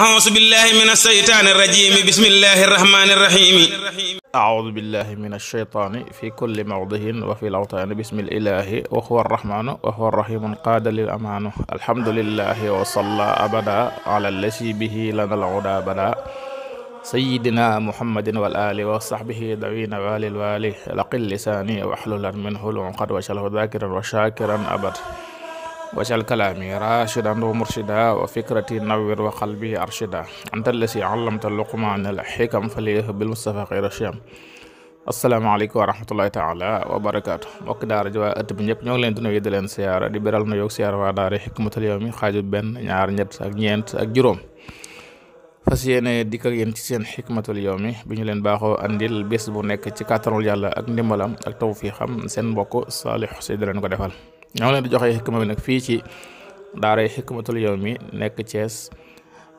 أعوذ بالله من الشيطان الرجيم بسم الله الرحمن الرحيم أعوذ بالله من الشيطان في كل موضع وفي الأوطان بسم الإله وهو الرحمن وهو الرحيم قاد للأمان الحمد لله وصلى أبدا على الذي به لنا العدا بدا سيدنا محمد والآل وصحبه دعين والي الوالي لقل لساني واحلل منه العقد وشله ذاكرا وشاكرا أبدا wajal kalaami rashidan wa murshida wa fikrati nawwir wa qalbi arshida anta allasi allamta luqmaana al xikam faliyah bil mustafa xayra shiyam asalaamaaleykum wa rahmatullahi taala wa barakaatu mbokki daara ji waa bi ñëpp ñoo ngi leen di nuyu di leen siyaara di beral na yoog siyaara waa daara xikmatul yawmi xaaju benn ñaar ñett ak ñeent ak juróom fas yéene dikk ak ci seen xikmatul yawmi bi ñu leen baaxoo andil bés bu nekk ci kàttanul yàlla ak ndimbalam ak tawfiixam seen mbokk Saliou Sy leen ko defal ñoo leen di joxe xikma bi nag fii ci yi daaray Hikmatul mi nekk Thiès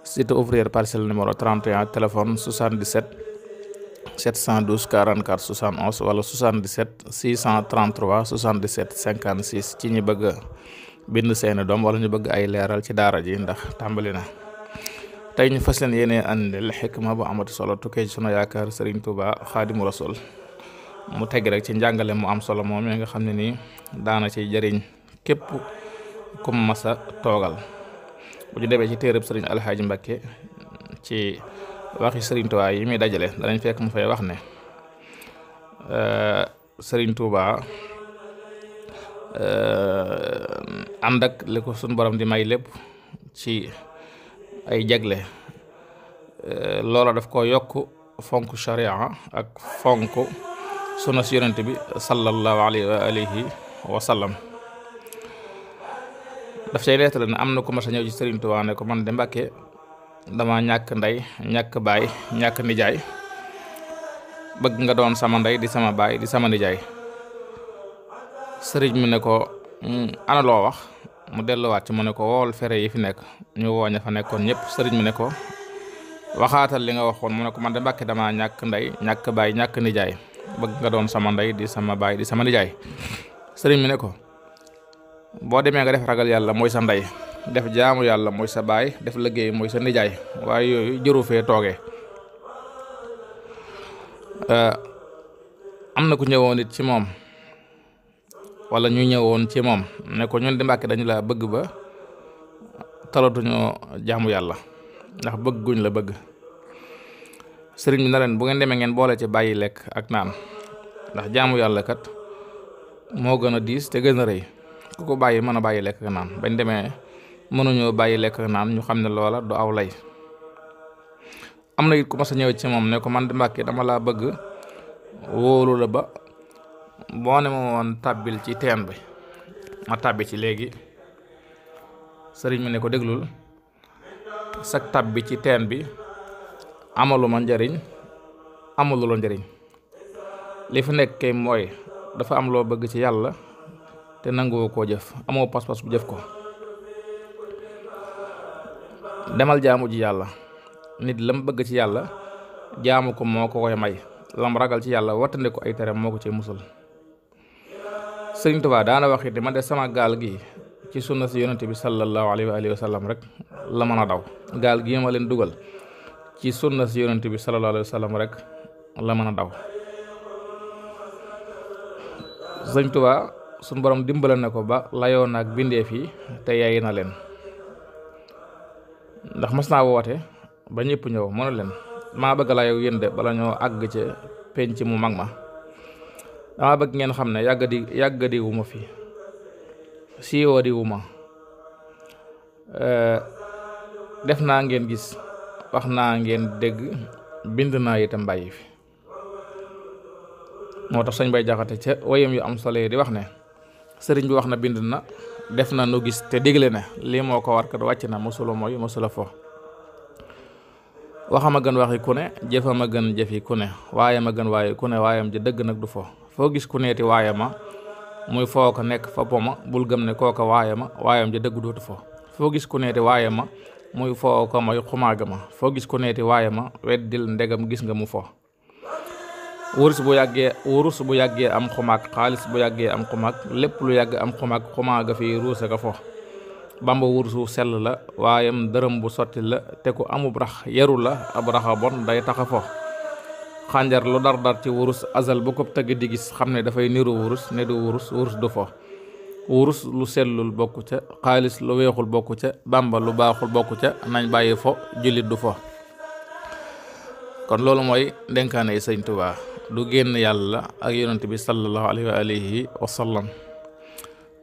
cité ouvrière parcelle numéro 31 téléphone 77 712 44 71 wala 77 633 77 56 ci ñi bëgg bind seeni doom wala ñu bëgg ay leeral ci daara ji ndax tàmbali na tey ñu fas leen yéene andil xikma bu amati solo tukkee suna yaakaar Serigne Touba Xaadimu Rasul mu teg rek ci njàngale mu am solo moom nga xam ne nii daana ci jariñ képp ku mas a toogal bu demee ci téereb sëriñ alxaaji Mbakke ci waxi sëriñ Tuubaa yi muy dajale danañ fekk mu fay wax ne euh, sëriñ Tuubaa euh, ànd suñ borom di may lépp ci ay jagle euh, loola daf ko yokk fonk charia ak fonk sunna si yonent bi sallallahu alayhi wa alihi wa sallam daf cay ne am na ku mas a ñëw ci Sëriñ Tuubaa ne ko man de Mbàkke dama ñàkk ndey ñàkk baay ñàkk nijaay bëgg nga doon sama ndey di sama baay di sama nijaay sëriñ mi ne ko hmm, ana loo wax mu delluwaat ci mu ne ko fere yi fi nekk ñu woo ña nekkoon ñëpp sëriñ mi ne ko waxaatal li nga waxoon mu ne ko man de Mbàkke dama ñàkk ñàkk baay ñàkk nijaay bëgg nga doon sama ndey di sama baay di sama nijaay sëriñ bi ne ko boo demee nga def ragal yàlla mooy sa ndey def jaamu yàlla mooy sa baay def liggéey mooy sa nijaay waaye yooyu jëru fee tooge eh, am na ku ñëwoon it ci moom wala ñu ñëwoon ci moom ne ko ñun di Mbàkke dañu la bëgg ba talatuñu jaamu yàlla ndax bëgguñ la bëgg sëriñ bi na leen bu ngeen demee ngeen boole ci bàyyi lekk ak naan ndax jaamu yàlla kat moo gën a diis te gën a rëy ku ko bàyyi mën a bàyyi lekk ak naan bañ demee mënuñoo bàyyi lekk ak naan ñu xam ne loola du aw lay am na it ku ma sa ñëwee ci moom ne ko man di Mbàkke dama laa bëgg wóolu la ba boo ne ma woon tàbbil ci teen bi ma tàbbi ci léegi sëriñ mi ne ko déglul sag tàbbi ci teen bi amaluma njariñ amalu njariñ li fi nekk kay mooy dafa am loo bëgg ci yàlla te nanguwoo koo jëf amoo pas-pas bu jëf ko demal jaamu ji yàlla nit lam bëgg ci yàlla jaamu ko moo ko koy may lam ragal ci yàlla wattande ko ay tere moo ko ci mësul Sëriñ Tuubaa daana wax it ma de sama gaal gi ci sunna si yonente bi sallallahu alayhi wa alihi wa sallam rek la mën a daw gaal gi ma leen dugal ci sunna si yonent bi sallallahu alayhi rek la mën a daw sëñ Tuubaa suñ borom dimbala na ko ba layoon ak bindee fii te yaay na leen ndax mas naa woote ba ñépp ñëw mënu leen maa bëgg laa yow yéen de bala ñoo àgg ca penc mu mag ma dama bëgg ngeen xam ne yàgg di yàgg di fi siiwoo di def naa ngeen gis wax naa ngeen dégg bind naa yi tam bàyyi fi moo tax sëñ bay jaxate ca woyam yu am solo yi di wax ne sëriñ bi wax na bind na def na nu gis te digle ne lii moo ko war kat wàcc na mosula mooy mosula fo waxam a gën waxi ku ne jëfam a gën jëfi ku ne waaye a gën waaye ku ne waayam ji dëgg nag du fo foo gis ku neeti waayama muy foo ko nekk fa poma bul gëm ne kooka waayama waayam ji dëgg dootu fo foo gis ku neeti waayama muy foo ko mooy xumaaga ma foo gis ku neeti waaye ma weddil ndegam gis nga mu fo wurus bu yàggee wurus bu yàggee am xumaag xaalis bu yàggee am xumaag lépp lu yàgg am xumaag xumaaga fi ruuse ka fo bamba wursu sell la waayam dërëm bu sotti la te ku amub rax yaru la ab raxa bon day taxa fo xànjar lu dar dar ci wurus azal bu ko tëgg di gis xam ne dafay niru wurus ne du wurus wurus du fo wurus lu sellul bokk ca xaalis lu weexul bokk ca bàmba lu baaxul bokk ca nañ bàyyi fo jullit du fo kon loolu mooy dénkaane yi sëñ Tuubaa du génn yàlla ak yonent bi sallallahu alayhi wa alihi wa sallam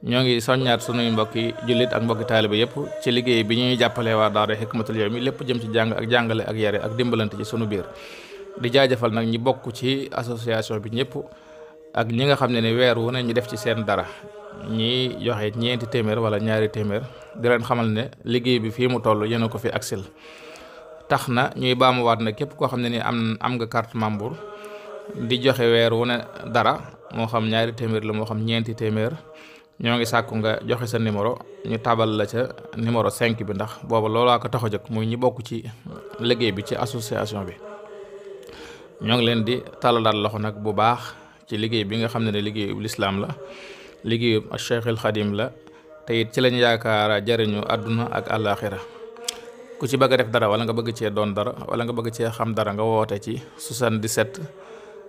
ñoo ngi soññaat sunuy mbokki jullit ak mbokki taaliba yëpp ci liggéey bi ñuy jàppale waa daara Hikmatul Yawmi lépp jëm ci jàng ak jàngale ak yare ak dimbalante ci sunu biir di jaajëfal nag ñi bokk ci association bi ñëpp ak ñi nga xam ne ne weer wu ne ñu def ci seen dara ñi joxe ñeenti téeméer wala ñaari téeméer di leen xamal ne liggéey bi fii mu toll yéen ko fi aksil tax na ñuy baamuwaat na képp koo xam ne ni am am nga carte membre di joxe weer wu ne dara moo xam ñaari téeméer la moo xam ñeenti téeméer ñoo ngi sàkku nga joxe sa numéro ñu tabal la ca numéro 5 bi ndax booba loolaa ko tax a jóg muy ñi bokk ci liggéey bi ci association bi ñoo ngi leen di talalaat loxo nag bu baax ci liggéey bi nga xam ne ne liggéeyu lislaam la liggéeyub Cheikhul Xadim la te it ci lañ yaakaara jariñu àdduna ak àllaaxira ku ci bëgg a def dara wala nga bëgg cee doon dara wala nga bëgg cee xam dara nga woote ci 77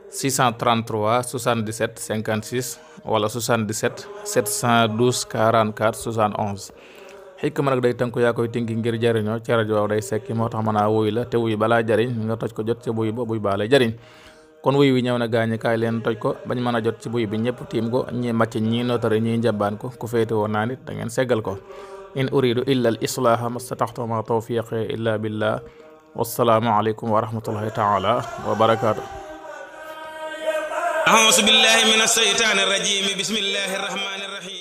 633 77 56 wala 77 712 44 71. xikma nag day tënku yaa koy tinki ngir jariñoo ci rajo waaw day sekki moo tax mën a wuy la te wuy balaa jariñ nga toj ko jot ca buy ba buy lay jariñ kon wuy wi ñëw na gaañi kaay leen toj ko bañ mën a jot ci buy bi ñëpp tiim ko ñi màcc ñi notari ñi njabaan ko ku féete woon naa nit da ngeen seggal ko in uridu illa al islaaha mastataxtu ma tawfiqi illa billah wassalaamu aleykum wa rahmatullahi taala wa barakaatu ausu billahi min alsheytaani arrajim